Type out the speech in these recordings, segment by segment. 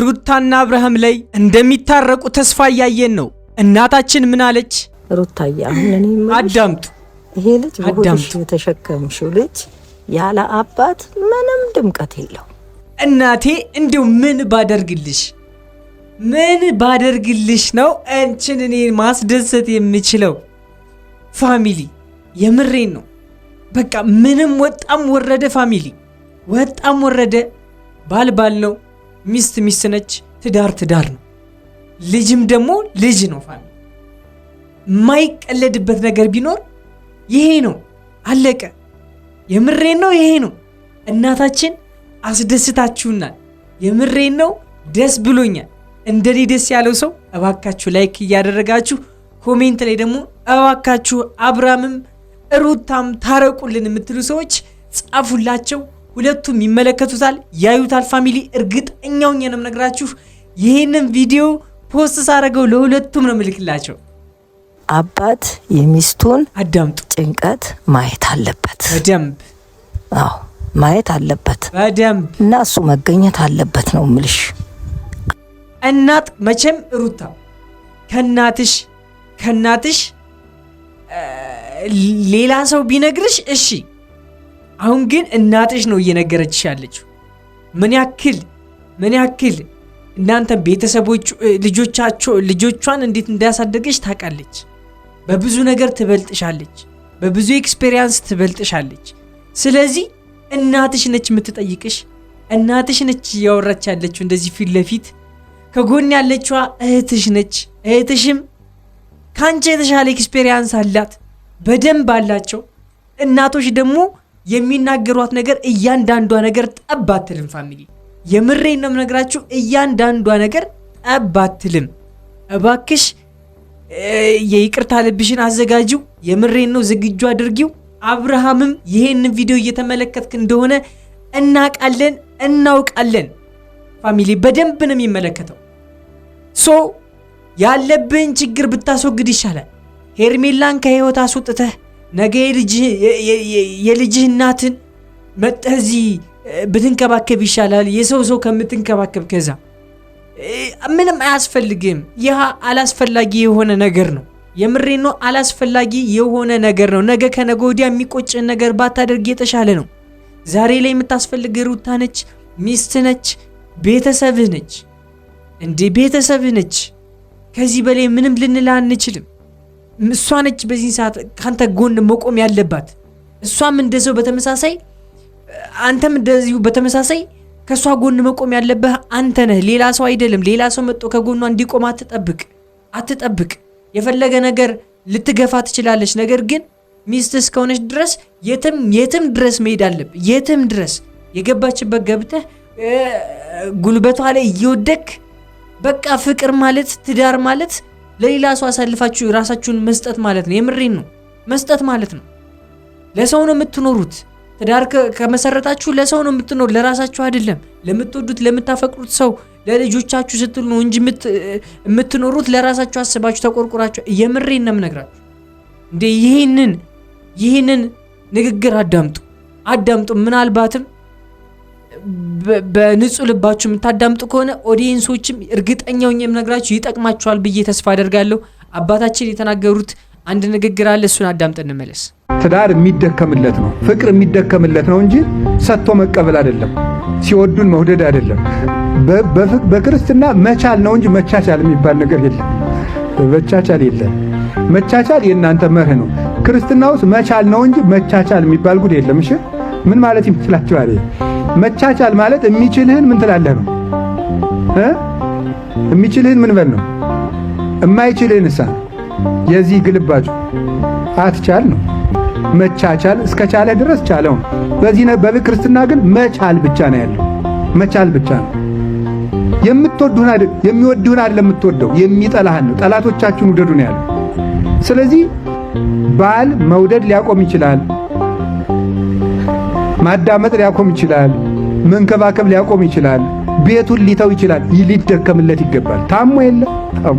ሩታና አብርሃም ላይ እንደሚታረቁ ተስፋ እያየን ነው። እናታችን ምን አለች? አዳምጡ። ይሄ ልጅ በሆድሽ የተሸከምሽው ልጅ ያለ አባት ምንም ድምቀት የለው። እናቴ እንዲሁ ምን ባደርግልሽ ምን ባደርግልሽ ነው አንቺን እኔ ማስደሰት የምችለው? ፋሚሊ የምሬን ነው። በቃ ምንም ወጣም ወረደ ፋሚሊ ወጣም ወረደ ባል ባል ነው ሚስት ሚስት ነች፣ ትዳር ትዳር ነው፣ ልጅም ደግሞ ልጅ ነው። ፋሚሊ የማይቀለድበት ነገር ቢኖር ይሄ ነው። አለቀ። የምሬን ነው። ይሄ ነው። እናታችን አስደስታችሁናል። የምሬን ነው። ደስ ብሎኛል። እንደኔ ደስ ያለው ሰው እባካችሁ ላይክ እያደረጋችሁ ኮሜንት ላይ ደግሞ እባካችሁ አብርሃምም ሩታም ታረቁልን የምትሉ ሰዎች ጻፉላቸው። ሁለቱም ይመለከቱታል፣ ያዩታል። ፋሚሊ እርግጠኛው ነው ነግራችሁ ይህንን ቪዲዮ ፖስት ሳረገው ለሁለቱም ነው ምልክላቸው። አባት የሚስቱን አዳምጡ፣ ጭንቀት ማየት አለበት በደንብ አዎ፣ ማየት አለበት በደንብ እና እሱ መገኘት አለበት ነው ምልሽ። እናት መቼም ሩታ ከናትሽ ከናትሽ ሌላ ሰው ቢነግርሽ እሺ አሁን ግን እናትሽ ነው እየነገረችሽ ያለችው። ምን ያክል ምን ያክል እናንተ ቤተሰቦች ልጆቻቸው ልጆቿን እንዴት እንዳያሳደገች ታውቃለች። በብዙ ነገር ትበልጥሻለች፣ በብዙ ኤክስፔሪንስ ትበልጥሻለች። ስለዚህ እናትሽ ነች የምትጠይቅሽ፣ እናትሽ ነች እያወራች ያለችው እንደዚህ ፊት ለፊት። ከጎን ያለችዋ እህትሽ ነች። እህትሽም ከአንቺ የተሻለ ኤክስፔሪንስ አላት፣ በደንብ አላቸው። እናቶች ደግሞ የሚናገሯት ነገር እያንዳንዷ ነገር ጠብ አትልም። ፋሚሊ የምሬ ነው የምነግራችሁ፣ እያንዳንዷ ነገር ጠብ አትልም። እባክሽ የይቅርታ ልብሽን አዘጋጂው። የምሬን ነው ዝግጁ አድርጊው። አብርሃምም ይህን ቪዲዮ እየተመለከትክ እንደሆነ እናውቃለን እናውቃለን ፋሚሊ በደንብ ነው የሚመለከተው። ሶ ያለብህን ችግር ብታስወግድ ይሻላል። ሄርሜላን ከህይወት አስወጥተህ ነገ የልጅህ እናትን መጠህ እዚህ ብትንከባከብ ይሻላል፣ የሰው ሰው ከምትንከባከብ። ከዛ ምንም አያስፈልግም። ይህ አላስፈላጊ የሆነ ነገር ነው። የምሬ ነው። አላስፈላጊ የሆነ ነገር ነው። ነገ ከነገ ወዲያ የሚቆጭን ነገር ባታደርግ የተሻለ ነው። ዛሬ ላይ የምታስፈልግ ሩታ ነች፣ ሚስት ነች፣ ቤተሰብህ ነች። እንዴ ቤተሰብህ ነች። ከዚህ በላይ ምንም ልንላ አንችልም። እሷ ነች በዚህ ሰዓት ካንተ ጎን መቆም ያለባት። እሷም እንደዚው በተመሳሳይ አንተም እንደዚሁ በተመሳሳይ ከእሷ ጎን መቆም ያለብህ አንተ ነህ፣ ሌላ ሰው አይደለም። ሌላ ሰው መጥቶ ከጎኗ እንዲቆም አትጠብቅ አትጠብቅ። የፈለገ ነገር ልትገፋ ትችላለች። ነገር ግን ሚስት እስከሆነች ድረስ የትም የትም ድረስ መሄድ አለብ የትም ድረስ የገባችበት ገብተህ ጉልበቷ ላይ እየወደክ በቃ ፍቅር ማለት ትዳር ማለት ለሌላ ሰው አሳልፋችሁ ራሳችሁን መስጠት ማለት ነው። የምሬን ነው፣ መስጠት ማለት ነው። ለሰው ነው የምትኖሩት። ትዳር ከመሰረታችሁ ለሰው ነው የምትኖሩ፣ ለራሳችሁ አይደለም። ለምትወዱት ለምታፈቅሩት ሰው ለልጆቻችሁ ስትሉ ነው እንጂ የምትኖሩት። ለራሳችሁ አስባችሁ ተቆርቁራችሁ። የምሬን ነው የምነግራችሁ። እንዴ ይህንን ይህንን ንግግር አዳምጡ አዳምጡ ምናልባትም በንጹህ ልባችሁ የምታዳምጡ ከሆነ ኦዲየንሶችም እርግጠኛው የምነግራችሁ ይጠቅማችኋል ብዬ ተስፋ አደርጋለሁ። አባታችን የተናገሩት አንድ ንግግር አለ። እሱን አዳምጥ እንመለስ። ትዳር የሚደከምለት ነው፣ ፍቅር የሚደከምለት ነው እንጂ ሰጥቶ መቀበል አይደለም፣ ሲወዱን መውደድ አይደለም። በክርስትና መቻል ነው እንጂ መቻቻል የሚባል ነገር የለም። መቻቻል የለም። መቻቻል የእናንተ መርህ ነው። ክርስትና ውስጥ መቻል ነው እንጂ መቻቻል የሚባል ጉድ የለም። እሺ ምን ማለት ይመስላችኋል? መቻቻል ማለት የሚችልህን ምን ትላለህ ነው እ የሚችልህን ምን በል ነው። የማይችልህን እሳ የዚህ ግልባጩ አትቻል ነው። መቻቻል እስከ ቻለህ ድረስ ቻለው ነው። በዚህ በክርስትና ግን መቻል ብቻ ነው ያለው። መቻል ብቻ ነው የምትወዱና የሚወድህን አይደለም የምትወደው የሚጠላህን ነው። ጠላቶቻችሁን ውደዱ ነው ያለው። ስለዚህ ባል መውደድ ሊያቆም ይችላል። ማዳመጥ ሊያቆም ይችላል። መንከባከብ ሊያቆም ይችላል። ቤቱን ሊተው ይችላል። ሊደከምለት ይገባል። ታሞ የለ ታሞ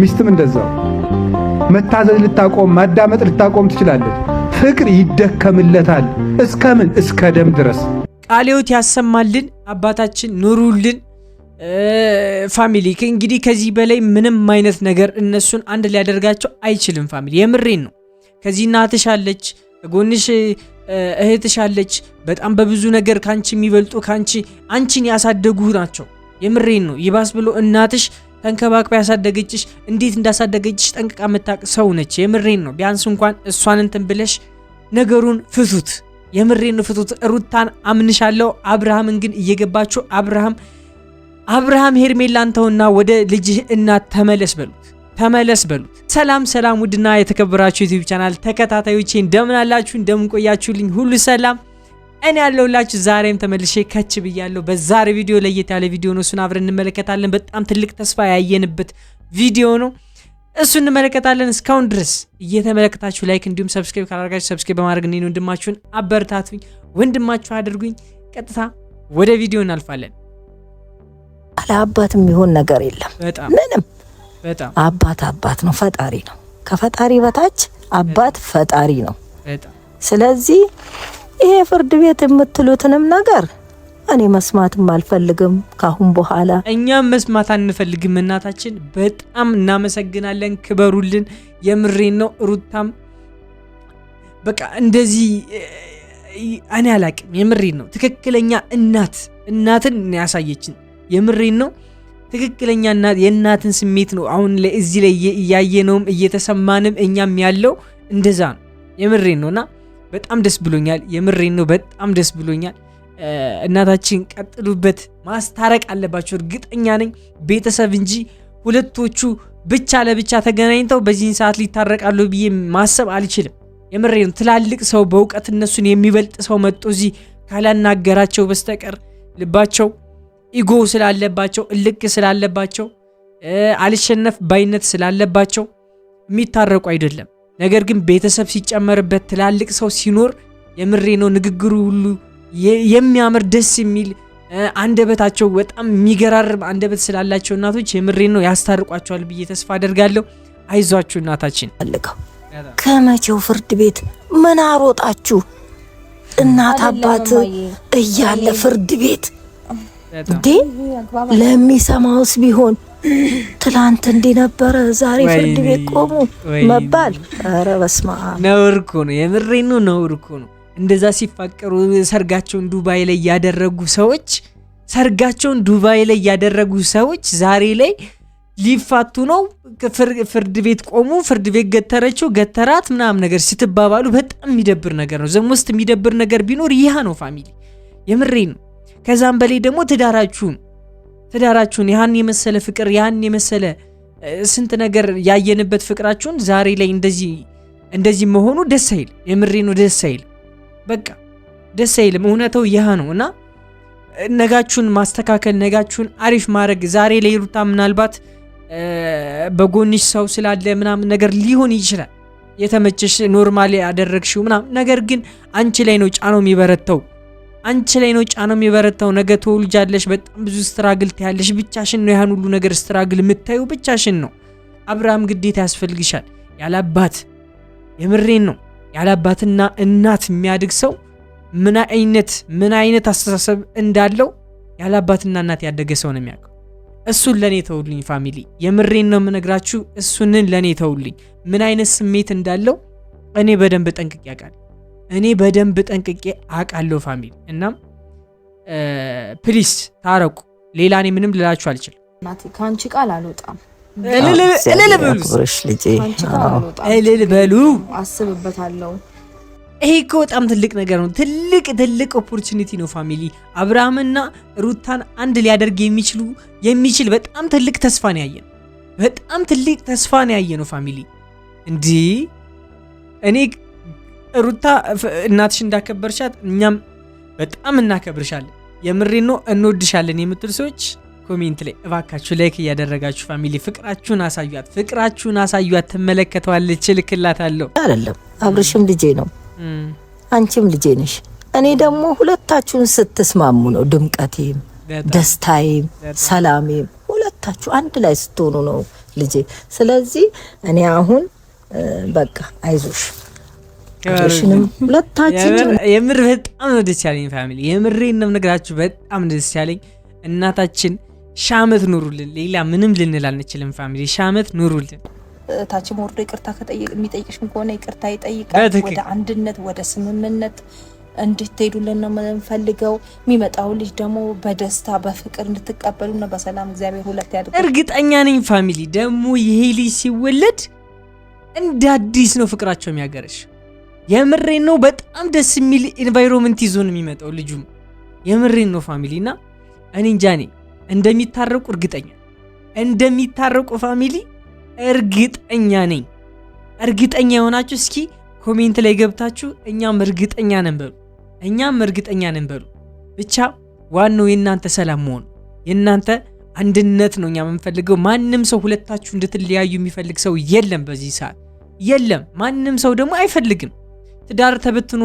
ሚስትም እንደዛው መታዘዝ ልታቆም ማዳመጥ ልታቆም ትችላለች። ፍቅር ይደከምለታል። እስከምን እስከ ደም ድረስ ቃልዮት ያሰማልን። አባታችን ኑሩልን። ፋሚሊ እንግዲህ ከዚህ በላይ ምንም አይነት ነገር እነሱን አንድ ሊያደርጋቸው አይችልም። ፋሚሊ የምሬን ነው። ከዚህ እናትሽ አለች ጎንሽ እህትሽ አለች። በጣም በብዙ ነገር ካንቺ የሚበልጡ ካንቺ አንቺን ያሳደጉ ናቸው። የምሬን ነው። ይባስ ብሎ እናትሽ ተንከባክባ ያሳደገችሽ እንዴት እንዳሳደገችሽ ጠንቅቃ የምታውቅ ሰው ነች። የምሬን ነው። ቢያንስ እንኳን እሷን እንትን ብለሽ ነገሩን ፍቱት። የምሬን ነው፣ ፍቱት። ሩታን አምንሻለሁ። አብርሃምን ግን እየገባችሁ አብርሃም አብርሃም ሄርሜላን ተውና ወደ ልጅህ እናት ተመለስ በሉት። ተመለስ በሉት። ሰላም ሰላም፣ ውድና የተከበራችሁ ዩቲዩብ ቻናል ተከታታዮቼ እንደምን አላችሁ? እንደምን ቆያችሁልኝ? ሁሉ ሰላም እኔ ያለሁላችሁ ዛሬም ተመልሼ ከች ብያለሁ። በዛሬ ቪዲዮ ለየት ያለ ቪዲዮ ነው። እሱን አብረን እንመለከታለን። በጣም ትልቅ ተስፋ ያየንበት ቪዲዮ ነው። እሱ እንመለከታለን። እስካሁን ድረስ እየተመለከታችሁ ላይክ እንዲሁም ሰብስክራይብ ካላደረጋችሁ ሰብስክራይብ በማድረግ እኔን ወንድማችሁን አበረታቱኝ፣ ወንድማችሁ አድርጉኝ። ቀጥታ ወደ ቪዲዮ እናልፋለን። አለ አባት የሚሆን ነገር የለም ምንም አባት አባት ነው፣ ፈጣሪ ነው። ከፈጣሪ በታች አባት ፈጣሪ ነው። ስለዚህ ይሄ ፍርድ ቤት የምትሉትንም ነገር እኔ መስማትም አልፈልግም ካሁን በኋላ። እኛም መስማት አንፈልግም። እናታችን በጣም እናመሰግናለን። ክበሩልን። የምሬን ነው። ሩታም በቃ እንደዚህ እኔ አላቅም። የምሬን ነው። ትክክለኛ እናት እናትን ያሳየችን። የምሬን ነው። ትክክለኛ የእናትን ስሜት ነው አሁን እዚህ ላይ እያየነውም እየተሰማንም እኛም ያለው እንደዛ ነው። የምሬን ነው እና በጣም ደስ ብሎኛል። የምሬን ነው በጣም ደስ ብሎኛል። እናታችን ቀጥሉበት። ማስታረቅ አለባቸው እርግጠኛ ነኝ። ቤተሰብ እንጂ ሁለቶቹ ብቻ ለብቻ ተገናኝተው በዚህን ሰዓት ሊታረቃሉ ብዬ ማሰብ አልችልም። የምሬ ነው። ትላልቅ ሰው በእውቀት እነሱን የሚበልጥ ሰው መጥቶ እዚህ ካላናገራቸው በስተቀር ልባቸው ኢጎ ስላለባቸው፣ እልቅ ስላለባቸው፣ አልሸነፍ ባይነት ስላለባቸው የሚታረቁ አይደለም። ነገር ግን ቤተሰብ ሲጨመርበት ትላልቅ ሰው ሲኖር የምሬ ነው ንግግሩ ሁሉ የሚያምር ደስ የሚል አንደበታቸው በጣም የሚገራርም አንደበት ስላላቸው እናቶች የምሬ ነው ያስታርቋቸዋል ብዬ ተስፋ አደርጋለሁ። አይዟችሁ እናታችን አልቀው ከመቼው ፍርድ ቤት ምን አሮጣችሁ እናት አባት እያለ ፍርድ ቤት እንዴ ለሚሰማውስ ቢሆን ትላንት እንዲህ ነበረ፣ ዛሬ ፍርድ ቤት ቆሙ መባል፣ ኧረ በስመ አብ ነውር እኮ ነው። የምሬኑ ነውር እኮ ነው። እንደዛ ሲፋቀሩ ሰርጋቸውን ዱባይ ላይ ያደረጉ ሰዎች ሰርጋቸውን ዱባይ ላይ ያደረጉ ሰዎች ዛሬ ላይ ሊፋቱ ነው። ፍርድ ቤት ቆሙ። ፍርድ ቤት ገተረችው ገተራት ምናምን ነገር ስትባባሉ በጣም የሚደብር ነገር ነው። ዘም ውስጥ የሚደብር ነገር ቢኖር ይህ ነው። ፋሚሊ የምሬ ነው። ከዛም በላይ ደግሞ ትዳራችሁን ትዳራችሁን ያን የመሰለ ፍቅር ያን የመሰለ ስንት ነገር ያየንበት ፍቅራችሁን ዛሬ ላይ እንደዚህ እንደዚህ መሆኑ ደስ አይል። የምሬ ነው፣ ደስ አይል። በቃ ደስ አይልም። እውነተው ይህ ነው እና ነጋችሁን ማስተካከል ነጋችሁን አሪፍ ማድረግ ዛሬ ላይ ሩታ ምናልባት በጎንሽ ሰው ስላለ ምናምን ነገር ሊሆን ይችላል የተመቸሽ ኖርማል ያደረግሽው ምናምን ነገር ግን አንቺ ላይ ነው ጫናው የሚበረተው። አንቺ ላይ ነው ጫነው የሚበረታው። ነገ ትወልጃለሽ፣ በጣም ብዙ ስትራግል ታያለሽ። ብቻሽን ነው ያን ሁሉ ነገር ስትራግል የምታዩ ብቻሽን ነው። አብርሃም ግዴታ ያስፈልግሻል። ያለ አባት የምሬን ነው ያለ አባትና እናት የሚያድግ ሰው ምን አይነት ምን አይነት አስተሳሰብ እንዳለው ያለ አባትና እናት ያደገ ሰው ነው የሚያውቀው። እሱን ለእኔ ተውልኝ ፋሚሊ፣ የምሬን ነው የምነግራችሁ። እሱንን ለእኔ ተውልኝ ምን አይነት ስሜት እንዳለው እኔ በደንብ ጠንቅቄ ያውቃል። እኔ በደንብ ጠንቅቄ አውቃለሁ ፋሚሊ። እናም ፕሊስ ታረቁ። ሌላ እኔ ምንም ልላችሁ አልችልም። ከአንቺ ቃል አልወጣም። እልል በሉ። አስብበታለሁ። ይሄ እኮ በጣም ትልቅ ነገር ነው። ትልቅ ትልቅ ኦፖርቹኒቲ ነው ፋሚሊ። አብርሃምና ሩታን አንድ ሊያደርግ የሚችሉ የሚችል በጣም ትልቅ ተስፋ ነው ያየ ነው። በጣም ትልቅ ተስፋ ነው ያየ ነው ፋሚሊ። እንዲህ እኔ ሩታ እናትሽ እንዳከበርሻት እኛም በጣም እናከብርሻለን። የምሬን ነው እንወድሻለን የምትል ሰዎች ኮሜንት ላይ እባካችሁ ላይክ እያደረጋችሁ ፋሚሊ ፍቅራችሁን አሳዩት፣ ፍቅራችሁን አሳዩት። ትመለከተዋለች፣ እልክላታለሁ። አይደለም አብርሽም ልጄ ነው፣ አንቺም ልጄ ነሽ። እኔ ደግሞ ሁለታችሁን ስትስማሙ ነው ድምቀቴም፣ ደስታዬም፣ ሰላሜም። ሁለታችሁ አንድ ላይ ስትሆኑ ነው ልጄ። ስለዚህ እኔ አሁን በቃ አይዞሽ ሽንም ሁለታችን የምር በጣም ነው ደስ ያለኝ ፋሚሊ፣ የምሬ ነው ነግራችሁ በጣም ደስ ያለኝ እናታችን ሻመት ኑሩልን። ሌላ ምንም ልንል አንችልም ፋሚሊ፣ ሻመት ኑሩልን። እታችን ወርዶ ይቅርታ የሚጠይቅሽም ከሆነ ይቅርታ ይጠይቃል። ወደ አንድነት ወደ ስምምነት እንድትሄዱልን ነው የምንፈልገው። የሚመጣው ልጅ ደግሞ በደስታ በፍቅር እንድትቀበሉና በሰላም እግዚአብሔር ሁለት ያድርግ። እርግጠኛ ነኝ ፋሚሊ ደግሞ ይሄ ልጅ ሲወለድ እንደ አዲስ ነው ፍቅራቸው የሚያገረሽ የምሬን ነው። በጣም ደስ የሚል ኤንቫይሮንመንት ይዞ ነው የሚመጣው ልጁም። የምሬን ነው ፋሚሊ እና እኔ እንጃኔ እንደሚታረቁ እርግጠኛ እንደሚታረቁ ፋሚሊ እርግጠኛ ነኝ። እርግጠኛ የሆናችሁ እስኪ ኮሜንት ላይ ገብታችሁ እኛም እርግጠኛ ነን በሉ፣ እኛም እርግጠኛ ነን በሉ። ብቻ ዋናው የእናንተ ሰላም መሆኑ የእናንተ አንድነት ነው እኛ የምንፈልገው። ማንም ሰው ሁለታችሁ እንድትለያዩ የሚፈልግ ሰው የለም፣ በዚህ ሰዓት የለም። ማንም ሰው ደግሞ አይፈልግም። ትዳር ተበትኖ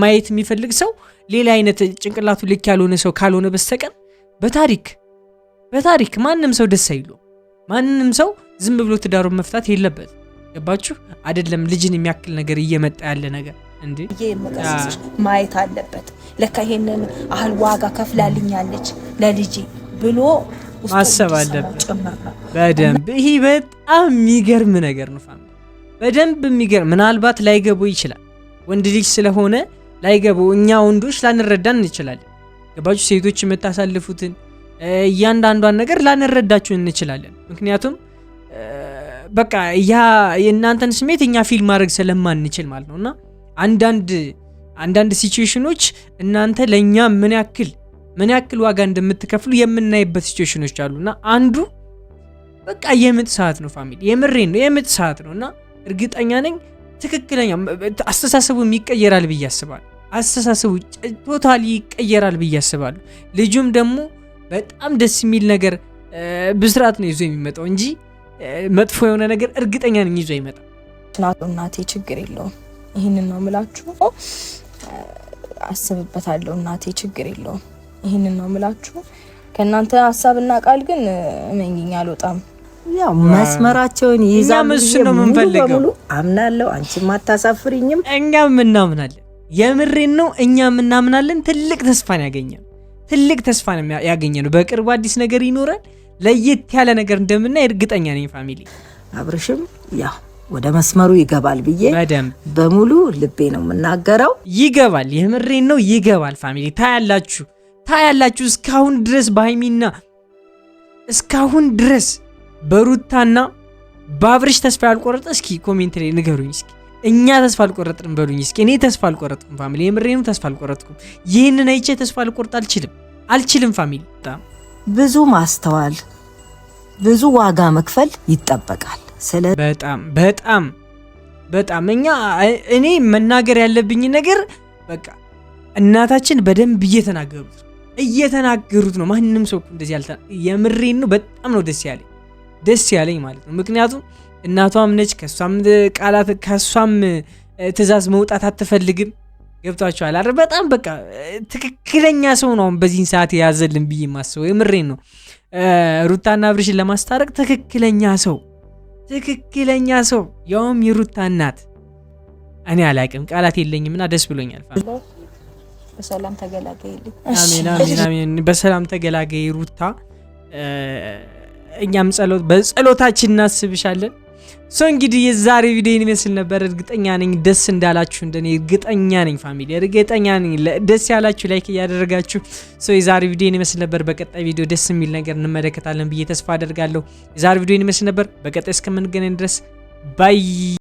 ማየት የሚፈልግ ሰው ሌላ አይነት ጭንቅላቱ ልክ ያልሆነ ሰው ካልሆነ በስተቀር በታሪክ በታሪክ ማንም ሰው ደስ አይሉ ማንም ሰው ዝም ብሎ ትዳሩን መፍታት የለበት። ገባችሁ አይደለም? ልጅን የሚያክል ነገር እየመጣ ያለ ነገር እንዴ ማየት አለበት። ለካ ይሄንን አህል ዋጋ ከፍላልኛለች ለልጅ ብሎ ማሰብ አለበት በደንብ። ይሄ በጣም የሚገርም ነገር ነው። በደንብ የሚገርም ምናልባት ላይገቡ ይችላል ወንድ ልጅ ስለሆነ ላይገባው፣ እኛ ወንዶች ላንረዳን እንችላለን። ገባችሁ? ሴቶች የምታሳልፉትን እያንዳንዷን ነገር ላንረዳችሁ እንችላለን። ምክንያቱም በቃ ያ የእናንተን ስሜት እኛ ፊልም ማድረግ ስለማንችል ማለት ነው። እና አንዳንድ አንዳንድ እናንተ ለእኛ ምን ያክል ምን ያክል ዋጋ እንደምትከፍሉ የምናይበት ሲትዌሽኖች አሉ። እና አንዱ በቃ የምጥ ሰዓት ነው ፋሚሊ፣ የምሬን ነው የምጥ ሰዓት ነው እና እርግጠኛ ነኝ ትክክለኛ አስተሳሰቡ ይቀየራል ብዬ አስባለሁ። አስተሳሰቡ ቶታሊ ይቀየራል ብዬ አስባለሁ። ልጁም ደግሞ በጣም ደስ የሚል ነገር ብስራት ነው ይዞ የሚመጣው እንጂ መጥፎ የሆነ ነገር እርግጠኛ ነኝ ይዞ አይመጣም። እናቴ ችግር የለውም ይህንን ነው ምላችሁ። አስብበታለሁ። እናቴ ችግር የለውም ይህንን ነው ምላችሁ። ከእናንተ ሀሳብና ቃል ግን እመኝኝ አልወጣም። ያው መስመራቸውን ይዛም እሱ ነው የምንፈልገው። አምናለሁ፣ አንቺም አታሳፍሪኝም። እኛም እናምናለን፣ የምሬን ነው። እኛም እናምናለን። ትልቅ ተስፋን ያገኘ ትልቅ ተስፋን ያገኘ ነው። በቅርቡ አዲስ ነገር ይኖራል። ለየት ያለ ነገር እንደምናይ እርግጠኛ ነኝ። ፋሚሊ አብርሽም ያው ወደ መስመሩ ይገባል ብዬ በደንብ በሙሉ ልቤ ነው የምናገረው። ይገባል፣ የምሬን ነው። ይገባል። ፋሚሊ ታያላችሁ፣ ታያላችሁ። እስካሁን ድረስ በሀይሚና እስካሁን ድረስ በሩታና በአብርሽ ተስፋ ያልቆረጠ እስኪ ኮሜንት ላይ ንገሩኝ። እስኪ እኛ ተስፋ አልቆረጥንም በሉኝ። እስኪ እኔ ተስፋ አልቆረጥኩም ፋሚሊ፣ የምሬኑ ተስፋ አልቆረጥኩም። ይህንን አይቼ ተስፋ ልቆርጥ አልችልም አልችልም ፋሚሊ። በጣም ብዙ ማስተዋል፣ ብዙ ዋጋ መክፈል ይጠበቃል። ስለ በጣም በጣም በጣም እኛ እኔ መናገር ያለብኝ ነገር በቃ እናታችን በደንብ እየተናገሩት እየተናገሩት ነው። ማንም ሰው እንደዚህ ያልታ የምሬኑ በጣም ነው ደስ ያለኝ። ደስ ያለኝ ማለት ነው። ምክንያቱም እናቷም ነች፣ ከሷም ቃላት ከሷም ትእዛዝ መውጣት አትፈልግም። ገብቷቸዋል አይደል? በጣም በቃ ትክክለኛ ሰው ነው በዚህን ሰዓት የያዘልን ብዬ ማስበው የምሬን ነው። ሩታና ብርሽን ለማስታረቅ ትክክለኛ ሰው ትክክለኛ ሰው ያውም የሩታ እናት። እኔ አላቅም ቃላት የለኝም እና ደስ ብሎኛል። በሰላም ተገላገይ፣ በሰላም ተገላገይ ሩታ እኛም ጸሎት በጸሎታችን እናስብሻለን። ሰው እንግዲህ የዛሬ ቪዲዮ ይመስል ነበር። እርግጠኛ ነኝ ደስ እንዳላችሁ እንደኔ እርግጠኛ ነኝ ፋሚሊ፣ እርግጠኛ ነኝ ደስ ያላችሁ ላይክ እያደረጋችሁ። ሰው የዛሬ ቪዲዮ ይመስል ነበር። በቀጣይ ቪዲዮ ደስ የሚል ነገር እንመለከታለን ብዬ ተስፋ አደርጋለሁ። የዛሬ ቪዲዮ ይመስል ነበር። በቀጣይ እስከምንገናኝ ድረስ ባይ